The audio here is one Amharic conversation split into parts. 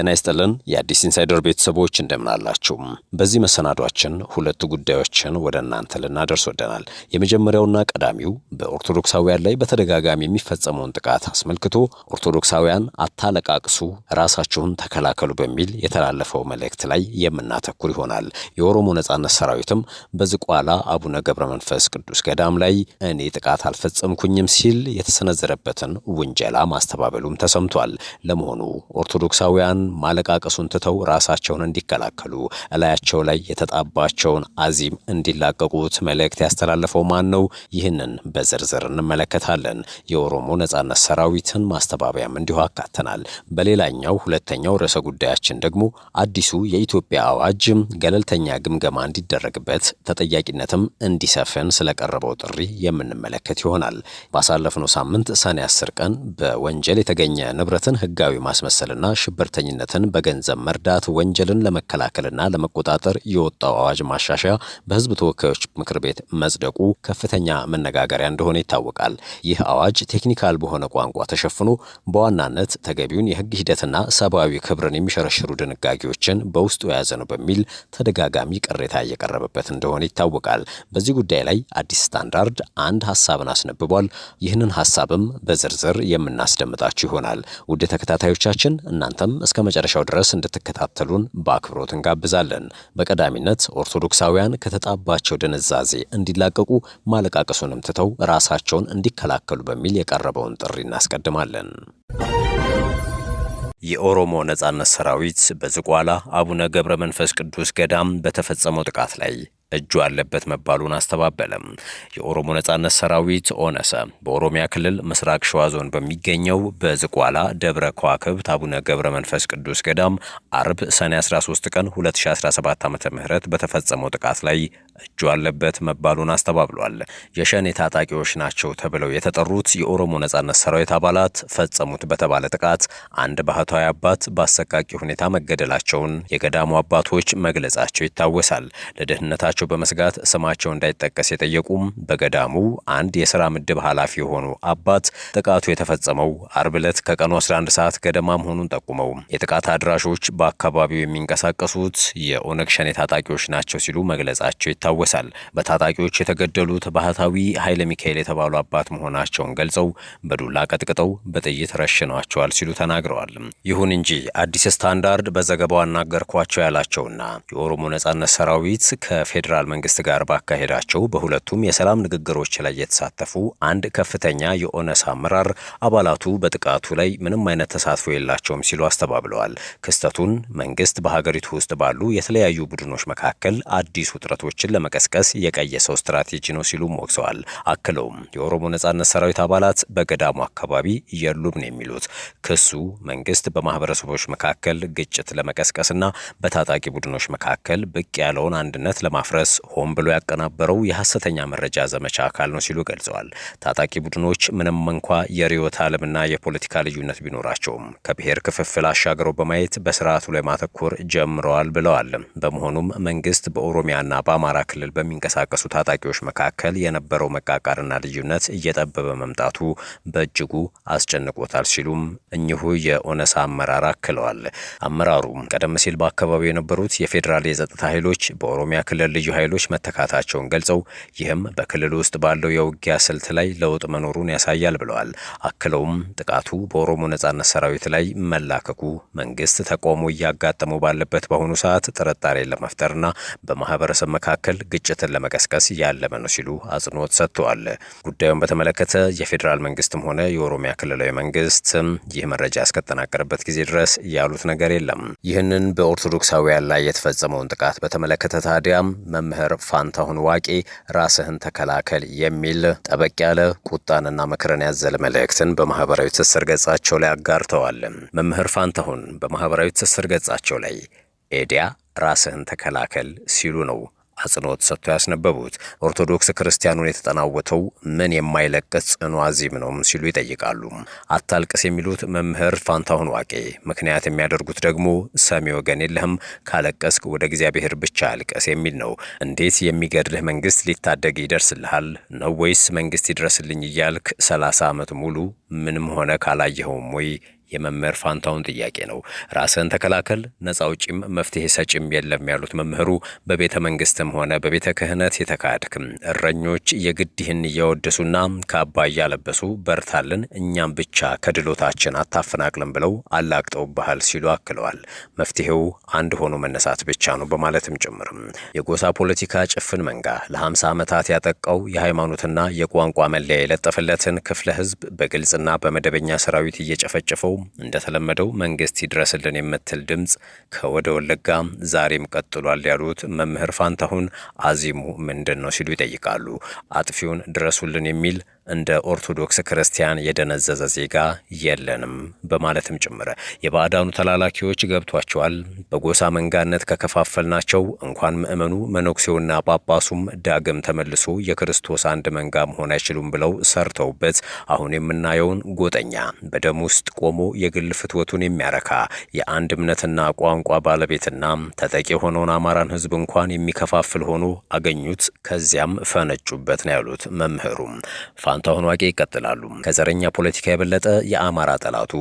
ጤና ይስጥልን የአዲስ ኢንሳይደር ቤተሰቦች እንደምናላችሁ። በዚህ መሰናዷችን ሁለት ጉዳዮችን ወደ እናንተ ልናደርስ ወደናል። የመጀመሪያውና ቀዳሚው በኦርቶዶክሳውያን ላይ በተደጋጋሚ የሚፈጸመውን ጥቃት አስመልክቶ ኦርቶዶክሳውያን አታለቃቅሱ፣ ራሳችሁን ተከላከሉ በሚል የተላለፈው መልእክት ላይ የምናተኩር ይሆናል። የኦሮሞ ነጻነት ሰራዊትም በዝቋላ አቡነ ገብረ መንፈስ ቅዱስ ገዳም ላይ እኔ ጥቃት አልፈጸምኩኝም ሲል የተሰነዘረበትን ውንጀላ ማስተባበሉም ተሰምቷል። ለመሆኑ ኦርቶዶክሳውያን ማለቃቀሱን ትተው ራሳቸውን እንዲከላከሉ እላያቸው ላይ የተጣባቸውን አዚም እንዲላቀቁት መልእክት ያስተላለፈው ማን ነው? ይህንን በዝርዝር እንመለከታለን። የኦሮሞ ነጻነት ሰራዊትን ማስተባበያም እንዲሁ አካተናል። በሌላኛው ሁለተኛው ርዕሰ ጉዳያችን ደግሞ አዲሱ የኢትዮጵያ አዋጅ ገለልተኛ ግምገማ እንዲደረግበት ተጠያቂነትም እንዲሰፍን ስለቀረበው ጥሪ የምንመለከት ይሆናል። ባሳለፍነው ሳምንት ሰኔ 10 ቀን በወንጀል የተገኘ ንብረትን ህጋዊ ማስመሰልና ሽብርተኝነት ሽብርተኝነትን በገንዘብ መርዳት ወንጀልን ለመከላከልና ለመቆጣጠር የወጣው አዋጅ ማሻሻያ በህዝብ ተወካዮች ምክር ቤት መጽደቁ ከፍተኛ መነጋገሪያ እንደሆነ ይታወቃል። ይህ አዋጅ ቴክኒካል በሆነ ቋንቋ ተሸፍኖ በዋናነት ተገቢውን የህግ ሂደትና ሰብአዊ ክብርን የሚሸረሽሩ ድንጋጌዎችን በውስጡ የያዘ ነው በሚል ተደጋጋሚ ቅሬታ እየቀረበበት እንደሆነ ይታወቃል። በዚህ ጉዳይ ላይ አዲስ ስታንዳርድ አንድ ሀሳብን አስነብቧል። ይህንን ሀሳብም በዝርዝር የምናስደምጣችሁ ይሆናል። ውድ ተከታታዮቻችን እናንተም እስከ እስከ መጨረሻው ድረስ እንድትከታተሉን በአክብሮት እንጋብዛለን። በቀዳሚነት ኦርቶዶክሳውያን ከተጣባቸው ድንዛዜ እንዲላቀቁ ማለቃቀሱንም ትተው ራሳቸውን እንዲከላከሉ በሚል የቀረበውን ጥሪ እናስቀድማለን። የኦሮሞ ነጻነት ሰራዊት በዝቋላ አቡነ ገብረ መንፈስ ቅዱስ ገዳም በተፈጸመው ጥቃት ላይ እጁ አለበት መባሉን አስተባበለም። የኦሮሞ ነጻነት ሰራዊት ኦነሰ በኦሮሚያ ክልል ምስራቅ ሸዋ ዞን በሚገኘው በዝቋላ ደብረ ከዋክብት አቡነ ገብረ መንፈስ ቅዱስ ገዳም አርብ ሰኔ 13 ቀን 2017 ዓ ም በተፈጸመው ጥቃት ላይ እጁ አለበት መባሉን አስተባብሏል። የሸኔ ታጣቂዎች ናቸው ተብለው የተጠሩት የኦሮሞ ነጻነት ሰራዊት አባላት ፈጸሙት በተባለ ጥቃት አንድ ባህታዊ አባት በአሰቃቂ ሁኔታ መገደላቸውን የገዳሙ አባቶች መግለጻቸው ይታወሳል። ለደህንነታቸው ለደህንነታቸው በመስጋት ስማቸው እንዳይጠቀስ የጠየቁም በገዳሙ አንድ የስራ ምድብ ኃላፊ የሆኑ አባት ጥቃቱ የተፈጸመው አርብ ዕለት ከቀኑ 11 ሰዓት ገደማ መሆኑን ጠቁመው የጥቃት አድራሾች በአካባቢው የሚንቀሳቀሱት የኦነግ ሸኔ ታጣቂዎች ናቸው ሲሉ መግለጻቸው ይታወሳል። በታጣቂዎች የተገደሉት ባህታዊ ኃይለ ሚካኤል የተባሉ አባት መሆናቸውን ገልጸው በዱላ ቀጥቅጠው በጥይት ረሽነዋቸዋል ሲሉ ተናግረዋል። ይሁን እንጂ አዲስ ስታንዳርድ በዘገባው አናገርኳቸው ያላቸውና የኦሮሞ ነጻነት ሰራዊት ከፌደ ከፌዴራል መንግስት ጋር ባካሄዳቸው በሁለቱም የሰላም ንግግሮች ላይ የተሳተፉ አንድ ከፍተኛ የኦነስ አመራር አባላቱ በጥቃቱ ላይ ምንም አይነት ተሳትፎ የላቸውም ሲሉ አስተባብለዋል። ክስተቱን መንግስት በሀገሪቱ ውስጥ ባሉ የተለያዩ ቡድኖች መካከል አዲስ ውጥረቶችን ለመቀስቀስ የቀየሰው ስትራቴጂ ነው ሲሉም ወቅሰዋል። አክለውም የኦሮሞ ነጻነት ሰራዊት አባላት በገዳሙ አካባቢ የሉም ነው የሚሉት። ክሱ መንግስት በማህበረሰቦች መካከል ግጭት ለመቀስቀስና በታጣቂ ቡድኖች መካከል ብቅ ያለውን አንድነት ለማፍረስ ድረስ ሆን ብሎ ያቀናበረው የሐሰተኛ መረጃ ዘመቻ አካል ነው ሲሉ ገልጸዋል። ታጣቂ ቡድኖች ምንም እንኳ የርዕዮተ ዓለምና የፖለቲካ ልዩነት ቢኖራቸውም ከብሔር ክፍፍል አሻገረው በማየት በስርዓቱ ላይ ማተኮር ጀምረዋል ብለዋል። በመሆኑም መንግስት በኦሮሚያና በአማራ ክልል በሚንቀሳቀሱ ታጣቂዎች መካከል የነበረው መቃቃርና ልዩነት እየጠበበ መምጣቱ በእጅጉ አስጨንቆታል ሲሉም እኚሁ የኦነሳ አመራር አክለዋል። አመራሩም ቀደም ሲል በአካባቢው የነበሩት የፌዴራል የጸጥታ ኃይሎች በኦሮሚያ ክልል ልዩ ልዩ ኃይሎች መተካታቸውን ገልጸው ይህም በክልል ውስጥ ባለው የውጊያ ስልት ላይ ለውጥ መኖሩን ያሳያል ብለዋል። አክለውም ጥቃቱ በኦሮሞ ነጻነት ሰራዊት ላይ መላከኩ መንግስት ተቃውሞ እያጋጠሙ ባለበት በአሁኑ ሰዓት ጥርጣሬን ለመፍጠርና በማህበረሰብ መካከል ግጭትን ለመቀስቀስ ያለመ ነው ሲሉ አጽንኦት ሰጥተዋል። ጉዳዩን በተመለከተ የፌዴራል መንግስትም ሆነ የኦሮሚያ ክልላዊ መንግስት ይህ መረጃ እስከተጠናቀረበት ጊዜ ድረስ ያሉት ነገር የለም። ይህንን በኦርቶዶክሳውያን ላይ የተፈጸመውን ጥቃት በተመለከተ ታዲያም መምህር ፋንታሁን ዋቂ ራስህን ተከላከል የሚል ጠበቅ ያለ ቁጣንና ምክርን ያዘለ መልእክትን በማህበራዊ ትስስር ገጻቸው ላይ አጋርተዋል። መምህር ፋንታሁን በማህበራዊ ትስስር ገጻቸው ላይ ኤዲያ ራስህን ተከላከል ሲሉ ነው አጽንኦት ሰጥቶ ያስነበቡት። ኦርቶዶክስ ክርስቲያኑን የተጠናወተው ምን የማይለቅስ ጽኑ አዚም ነው ሲሉ ይጠይቃሉ። አታልቅስ የሚሉት መምህር ፋንታሁን ዋቄ ምክንያት የሚያደርጉት ደግሞ ሰሚ ወገን የለህም፣ ካለቀስክ ወደ እግዚአብሔር ብቻ አልቀስ የሚል ነው። እንዴት የሚገድልህ መንግስት ሊታደግ ይደርስልሃል ነው ወይስ መንግስት ይድረስልኝ እያልክ ሰላሳ ዓመት ሙሉ ምንም ሆነ ካላየኸውም ወይ የመምህር ፋንታውን ጥያቄ ነው። ራስን ተከላከል፣ ነፃ አውጪም መፍትሄ ሰጪም የለም ያሉት መምህሩ በቤተ መንግስትም ሆነ በቤተ ክህነት የተካድክም እረኞች የግድህን እየወደሱና ከአባ እያለበሱ በርታልን፣ እኛም ብቻ ከድሎታችን አታፈናቅልን ብለው አላግጠውብሃል ሲሉ አክለዋል። መፍትሄው አንድ ሆኖ መነሳት ብቻ ነው በማለትም ጭምርም የጎሳ ፖለቲካ ጭፍን መንጋ ለ50 ዓመታት ያጠቃው የሃይማኖትና የቋንቋ መለያ የለጠፈለትን ክፍለ ህዝብ በግልጽና በመደበኛ ሰራዊት እየጨፈጨፈው እንደተለመደው መንግስት ይድረስልን የምትል ድምፅ ከወደ ወለጋ ዛሬም ቀጥሏል ያሉት መምህር ፋንታሁን አዚሙ ምንድን ነው ሲሉ ይጠይቃሉ። አጥፊውን ድረሱልን የሚል እንደ ኦርቶዶክስ ክርስቲያን የደነዘዘ ዜጋ የለንም በማለትም ጭምር የባዕዳኑ ተላላኪዎች ገብቷቸዋል። በጎሳ መንጋነት ከከፋፈልናቸው እንኳን ምእመኑ መነኩሴውና ጳጳሱም ዳግም ተመልሶ የክርስቶስ አንድ መንጋ መሆን አይችሉም ብለው ሰርተውበት አሁን የምናየውን ጎጠኛ በደም ውስጥ ቆሞ የግል ፍትወቱን የሚያረካ የአንድ እምነትና ቋንቋ ባለቤትና ተጠቂ የሆነውን አማራን ሕዝብ እንኳን የሚከፋፍል ሆኖ አገኙት፣ ከዚያም ፈነጩበት ነው ያሉት መምህሩም ፋንታሁን ዋቄ ይቀጥላሉ። ከዘረኛ ፖለቲካ የበለጠ የአማራ ጠላቱ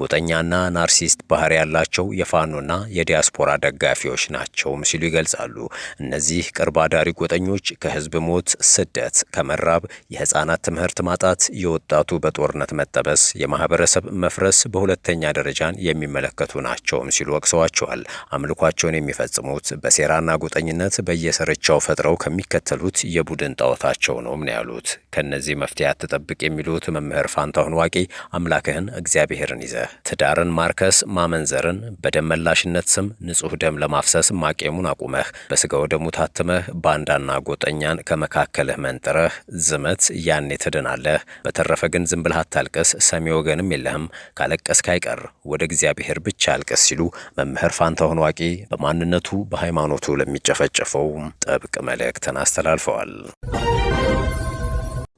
ጎጠኛና ናርሲስት ባህሪ ያላቸው የፋኖና የዲያስፖራ ደጋፊዎች ናቸውም ሲሉ ይገልጻሉ። እነዚህ ቅርብ አዳሪ ጎጠኞች ከህዝብ ሞት፣ ስደት፣ ከመራብ፣ የህፃናት ትምህርት ማጣት፣ የወጣቱ በጦርነት መጠበስ፣ የማህበረሰብ መፍረስ በሁለተኛ ደረጃን የሚመለከቱ ናቸውም ሲሉ ወቅሰዋቸዋል። አምልኳቸውን የሚፈጽሙት በሴራና ጎጠኝነት በየሰርቻው ፈጥረው ከሚከተሉት የቡድን ጣዖታቸው ነውም ነው ያሉት። ከነዚህ መፍትሄ መፍትሄ አትጠብቅ የሚሉት መምህር ፋንታሁን ዋቂ አምላክህን እግዚአብሔርን ይዘህ ትዳርን ማርከስ ማመንዘርን በደመላሽነት ስም ንጹህ ደም ለማፍሰስ ማቄሙን አቁመህ በስጋው ደሙ ታትመህ ባንዳና ጎጠኛን ከመካከልህ መንጥረህ ዝመት፣ ያኔ ትድናለህ። በተረፈ ግን ዝም ብለህ አታልቅስ፣ ሰሚ ወገንም የለህም። ካለቀስክ አይቀር ወደ እግዚአብሔር ብቻ አልቅስ ሲሉ መምህር ፋንታሁን ዋቂ በማንነቱ በሃይማኖቱ ለሚጨፈጨፈው ጥብቅ መልእክትን አስተላልፈዋል።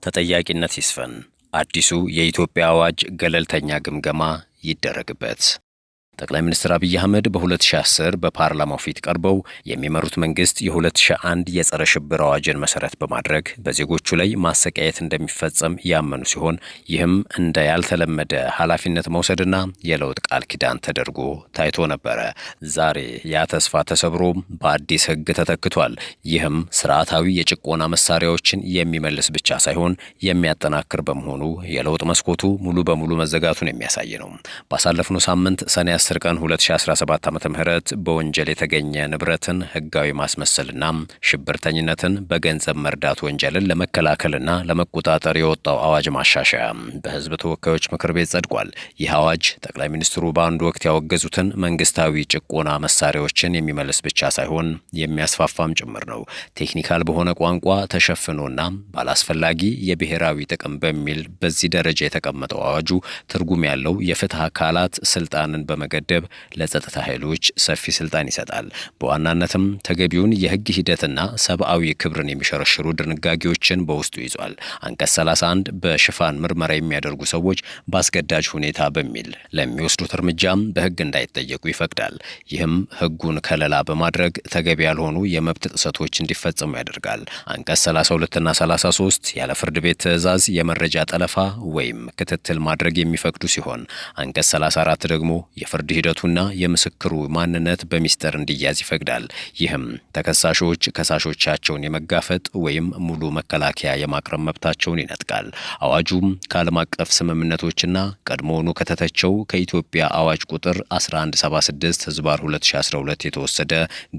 ተጠያቂነት ይስፈን፣ አዲሱ የኢትዮጵያ አዋጅ ገለልተኛ ግምገማ ይደረግበት። ጠቅላይ ሚኒስትር አብይ አህመድ በ2010 በፓርላማው ፊት ቀርበው የሚመሩት መንግስት የ2001 የጸረ ሽብር አዋጅን መሰረት በማድረግ በዜጎቹ ላይ ማሰቃየት እንደሚፈጸም ያመኑ ሲሆን ይህም እንደ ያልተለመደ ኃላፊነት መውሰድና የለውጥ ቃል ኪዳን ተደርጎ ታይቶ ነበረ። ዛሬ ያ ተስፋ ተሰብሮ በአዲስ ህግ ተተክቷል። ይህም ስርዓታዊ የጭቆና መሳሪያዎችን የሚመልስ ብቻ ሳይሆን የሚያጠናክር በመሆኑ የለውጥ መስኮቱ ሙሉ በሙሉ መዘጋቱን የሚያሳይ ነው። ባሳለፍነው ሳምንት ሰኔ 10 ቀን 2017 ዓ ም በወንጀል የተገኘ ንብረትን ህጋዊ ማስመሰልና ሽብርተኝነትን በገንዘብ መርዳት ወንጀልን ለመከላከልና ለመቆጣጠር የወጣው አዋጅ ማሻሻያ በህዝብ ተወካዮች ምክር ቤት ጸድቋል። ይህ አዋጅ ጠቅላይ ሚኒስትሩ በአንድ ወቅት ያወገዙትን መንግስታዊ ጭቆና መሳሪያዎችን የሚመልስ ብቻ ሳይሆን የሚያስፋፋም ጭምር ነው። ቴክኒካል በሆነ ቋንቋ ተሸፍኖና ባላስፈላጊ የብሔራዊ ጥቅም በሚል በዚህ ደረጃ የተቀመጠው አዋጁ ትርጉም ያለው የፍትህ አካላት ስልጣንን በመገ ገደብ ለጸጥታ ኃይሎች ሰፊ ስልጣን ይሰጣል። በዋናነትም ተገቢውን የህግ ሂደትና ሰብአዊ ክብርን የሚሸረሽሩ ድንጋጌዎችን በውስጡ ይዟል። አንቀጽ 31 በሽፋን ምርመራ የሚያደርጉ ሰዎች በአስገዳጅ ሁኔታ በሚል ለሚወስዱት እርምጃም በህግ እንዳይጠየቁ ይፈቅዳል። ይህም ህጉን ከለላ በማድረግ ተገቢ ያልሆኑ የመብት ጥሰቶች እንዲፈጸሙ ያደርጋል። አንቀጽ 32ና 33 ያለ ፍርድ ቤት ትዕዛዝ የመረጃ ጠለፋ ወይም ክትትል ማድረግ የሚፈቅዱ ሲሆን አንቀጽ 34 ደግሞ የፍርድ የፍርድ ሂደቱና የምስክሩ ማንነት በሚስጥር እንዲያዝ ይፈቅዳል። ይህም ተከሳሾች ከሳሾቻቸውን የመጋፈጥ ወይም ሙሉ መከላከያ የማቅረብ መብታቸውን ይነጥቃል። አዋጁም ከዓለም አቀፍ ስምምነቶችና ቀድሞውኑ ከተተቸው ከኢትዮጵያ አዋጅ ቁጥር 1176 ህዝባር 2012 የተወሰደ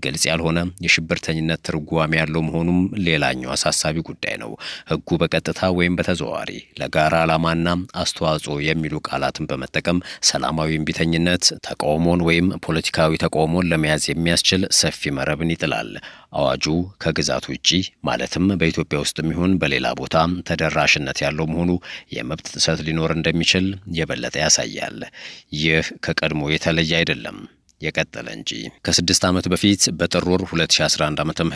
ግልጽ ያልሆነ የሽብርተኝነት ትርጓሚ ያለው መሆኑም ሌላኛው አሳሳቢ ጉዳይ ነው። ህጉ በቀጥታ ወይም በተዘዋዋሪ ለጋራ ዓላማና አስተዋጽኦ የሚሉ ቃላትን በመጠቀም ሰላማዊ እምቢተኝነት፣ ተቃውሞን ወይም ፖለቲካዊ ተቃውሞን ለመያዝ የሚያስችል ሰፊ መረብን ይጥላል። አዋጁ ከግዛት ውጪ ማለትም በኢትዮጵያ ውስጥ ይሁን በሌላ ቦታ ተደራሽነት ያለው መሆኑ የመብት ጥሰት ሊኖር እንደሚችል የበለጠ ያሳያል። ይህ ከቀድሞ የተለየ አይደለም። የቀጠለ እንጂ ከስድስት ዓመት በፊት በጥር ወር 2011 ዓ ም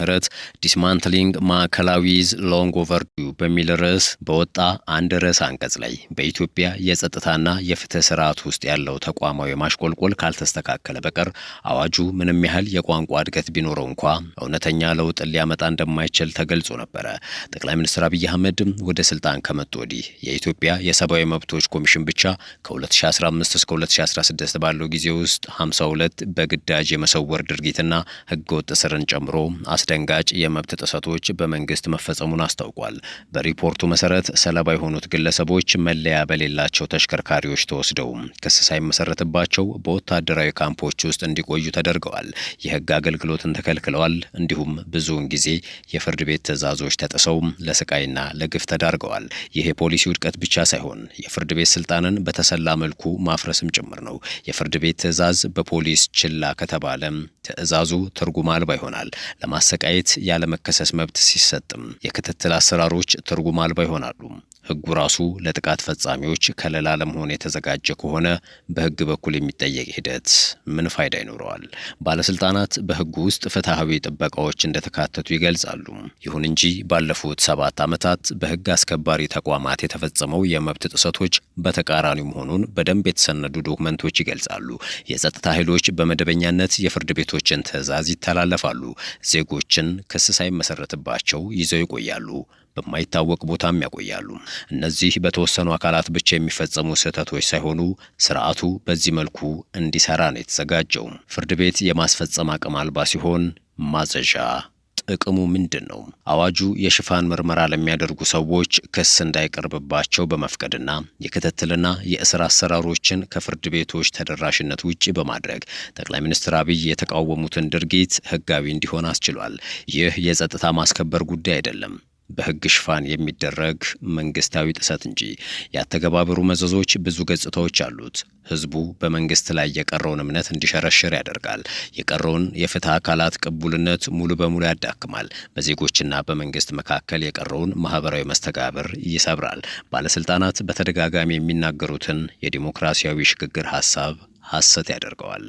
ዲስማንትሊንግ ማዕከላዊዝ ሎንግ ኦቨር በሚል ርዕስ በወጣ አንድ ርዕስ አንቀጽ ላይ በኢትዮጵያ የጸጥታና የፍትህ ስርዓት ውስጥ ያለው ተቋማዊ ማሽቆልቆል ካልተስተካከለ በቀር አዋጁ ምንም ያህል የቋንቋ እድገት ቢኖረው እንኳ እውነተኛ ለውጥ ሊያመጣ እንደማይችል ተገልጾ ነበረ። ጠቅላይ ሚኒስትር አብይ አህመድ ወደ ስልጣን ከመጡ ወዲህ የኢትዮጵያ የሰብአዊ መብቶች ኮሚሽን ብቻ ከ2015 እስከ 2016 ባለው ጊዜ ውስጥ 52 ንብረት በግዳጅ የመሰወር ድርጊትና ህገወጥ ስርን ጨምሮ አስደንጋጭ የመብት ጥሰቶች በመንግስት መፈጸሙን አስታውቋል። በሪፖርቱ መሰረት ሰለባ የሆኑት ግለሰቦች መለያ በሌላቸው ተሽከርካሪዎች ተወስደው ክስ ሳይመሰረትባቸው በወታደራዊ ካምፖች ውስጥ እንዲቆዩ ተደርገዋል። የህግ አገልግሎትን ተከልክለዋል። እንዲሁም ብዙውን ጊዜ የፍርድ ቤት ትዕዛዞች ተጥሰው ለስቃይና ለግፍ ተዳርገዋል። ይህ የፖሊሲ ውድቀት ብቻ ሳይሆን የፍርድ ቤት ስልጣንን በተሰላ መልኩ ማፍረስም ጭምር ነው። የፍርድ ቤት ትዕዛዝ በፖሊስ ፖሊስ ችላ ከተባለ ትዕዛዙ ትርጉም አልባ ይሆናል። ለማሰቃየት ያለመከሰስ መብት ሲሰጥም የክትትል አሰራሮች ትርጉም አልባ ይሆናሉ። ሕጉ ራሱ ለጥቃት ፈጻሚዎች ከለላ ለመሆን የተዘጋጀ ከሆነ በሕግ በኩል የሚጠየቅ ሂደት ምን ፋይዳ ይኖረዋል? ባለስልጣናት በሕጉ ውስጥ ፍትሐዊ ጥበቃዎች እንደተካተቱ ይገልጻሉ። ይሁን እንጂ ባለፉት ሰባት ዓመታት በሕግ አስከባሪ ተቋማት የተፈጸመው የመብት ጥሰቶች በተቃራኒ መሆኑን በደንብ የተሰነዱ ዶክመንቶች ይገልጻሉ። የጸጥታ ኃይሎች በመደበኛነት የፍርድ ቤቶችን ትዕዛዝ ይተላለፋሉ። ዜጎችን ክስ ሳይመሰረትባቸው ይዘው ይቆያሉ በማይታወቅ ቦታም ያቆያሉ። እነዚህ በተወሰኑ አካላት ብቻ የሚፈጸሙ ስህተቶች ሳይሆኑ ስርዓቱ በዚህ መልኩ እንዲሰራ ነው የተዘጋጀው። ፍርድ ቤት የማስፈጸም አቅም አልባ ሲሆን ማዘዣ ጥቅሙ ምንድን ነው? አዋጁ የሽፋን ምርመራ ለሚያደርጉ ሰዎች ክስ እንዳይቀርብባቸው በመፍቀድና የክትትልና የእስር አሰራሮችን ከፍርድ ቤቶች ተደራሽነት ውጭ በማድረግ ጠቅላይ ሚኒስትር አብይ የተቃወሙትን ድርጊት ህጋዊ እንዲሆን አስችሏል። ይህ የጸጥታ ማስከበር ጉዳይ አይደለም። በህግ ሽፋን የሚደረግ መንግስታዊ ጥሰት እንጂ የአተገባበሩ መዘዞች ብዙ ገጽታዎች አሉት። ህዝቡ በመንግስት ላይ የቀረውን እምነት እንዲሸረሽር ያደርጋል። የቀረውን የፍትህ አካላት ቅቡልነት ሙሉ በሙሉ ያዳክማል። በዜጎችና በመንግስት መካከል የቀረውን ማህበራዊ መስተጋብር ይሰብራል። ባለስልጣናት በተደጋጋሚ የሚናገሩትን የዲሞክራሲያዊ ሽግግር ሀሳብ ሐሰት ያደርገዋል።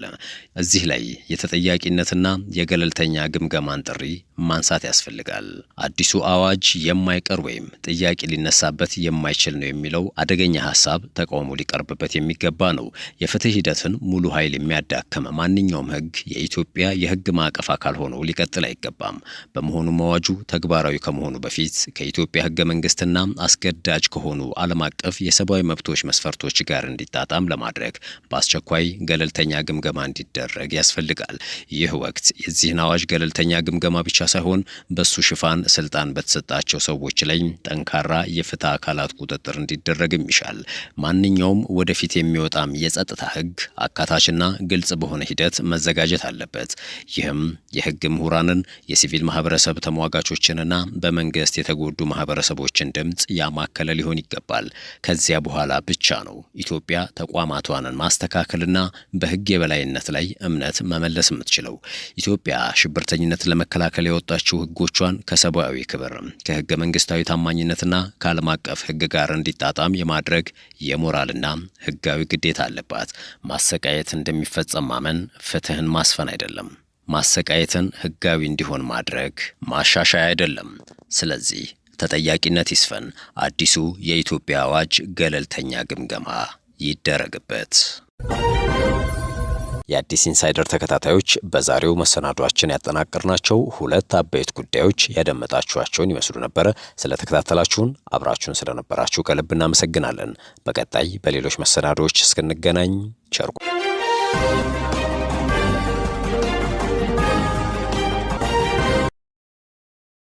እዚህ ላይ የተጠያቂነትና የገለልተኛ ግምገማን ጥሪ ማንሳት ያስፈልጋል። አዲሱ አዋጅ የማይቀር ወይም ጥያቄ ሊነሳበት የማይችል ነው የሚለው አደገኛ ሀሳብ ተቃውሞ ሊቀርብበት የሚገባ ነው። የፍትህ ሂደትን ሙሉ ኃይል የሚያዳክም ማንኛውም ህግ የኢትዮጵያ የህግ ማዕቀፍ አካል ሆኖ ሊቀጥል አይገባም። በመሆኑም አዋጁ ተግባራዊ ከመሆኑ በፊት ከኢትዮጵያ ህገ መንግስትና አስገዳጅ ከሆኑ ዓለም አቀፍ የሰብአዊ መብቶች መስፈርቶች ጋር እንዲጣጣም ለማድረግ በአስቸኳይ ገለልተኛ ግምገማ እንዲደረግ ያስፈልጋል። ይህ ወቅት የዚህን አዋጅ ገለልተኛ ግምገማ ብቻ ሳይሆን በሱ ሽፋን ስልጣን በተሰጣቸው ሰዎች ላይ ጠንካራ የፍትህ አካላት ቁጥጥር እንዲደረግም ይሻል። ማንኛውም ወደፊት የሚወጣም የጸጥታ ህግ አካታችና ግልጽ በሆነ ሂደት መዘጋጀት አለበት። ይህም የህግ ምሁራንን፣ የሲቪል ማህበረሰብ ተሟጋቾችንና በመንግስት የተጎዱ ማህበረሰቦችን ድምፅ ያማከለ ሊሆን ይገባል። ከዚያ በኋላ ብቻ ነው ኢትዮጵያ ተቋማቷንን ማስተካከልና በህግ የበላይነት ላይ እምነት መመለስ የምትችለው ኢትዮጵያ ሽብርተኝነትን ለመከላከል የወጣችው ህጎቿን ከሰብአዊ ክብር፣ ከህገ መንግስታዊ ታማኝነትና ከዓለም አቀፍ ህግ ጋር እንዲጣጣም የማድረግ የሞራልና ህጋዊ ግዴታ አለባት። ማሰቃየት እንደሚፈጸም ማመን ፍትህን ማስፈን አይደለም። ማሰቃየትን ህጋዊ እንዲሆን ማድረግ ማሻሻያ አይደለም። ስለዚህ ተጠያቂነት ይስፈን። አዲሱ የኢትዮጵያ አዋጅ ገለልተኛ ግምገማ ይደረግበት። የአዲስ ኢንሳይደር ተከታታዮች በዛሬው መሰናዷችን ያጠናቀርናቸው ሁለት አበይት ጉዳዮች ያደመጣችኋቸውን ይመስሉ ነበረ። ስለተከታተላችሁን አብራችሁን ስለነበራችሁ ከልብ እናመሰግናለን። በቀጣይ በሌሎች መሰናዶዎች እስክንገናኝ ቸርቁ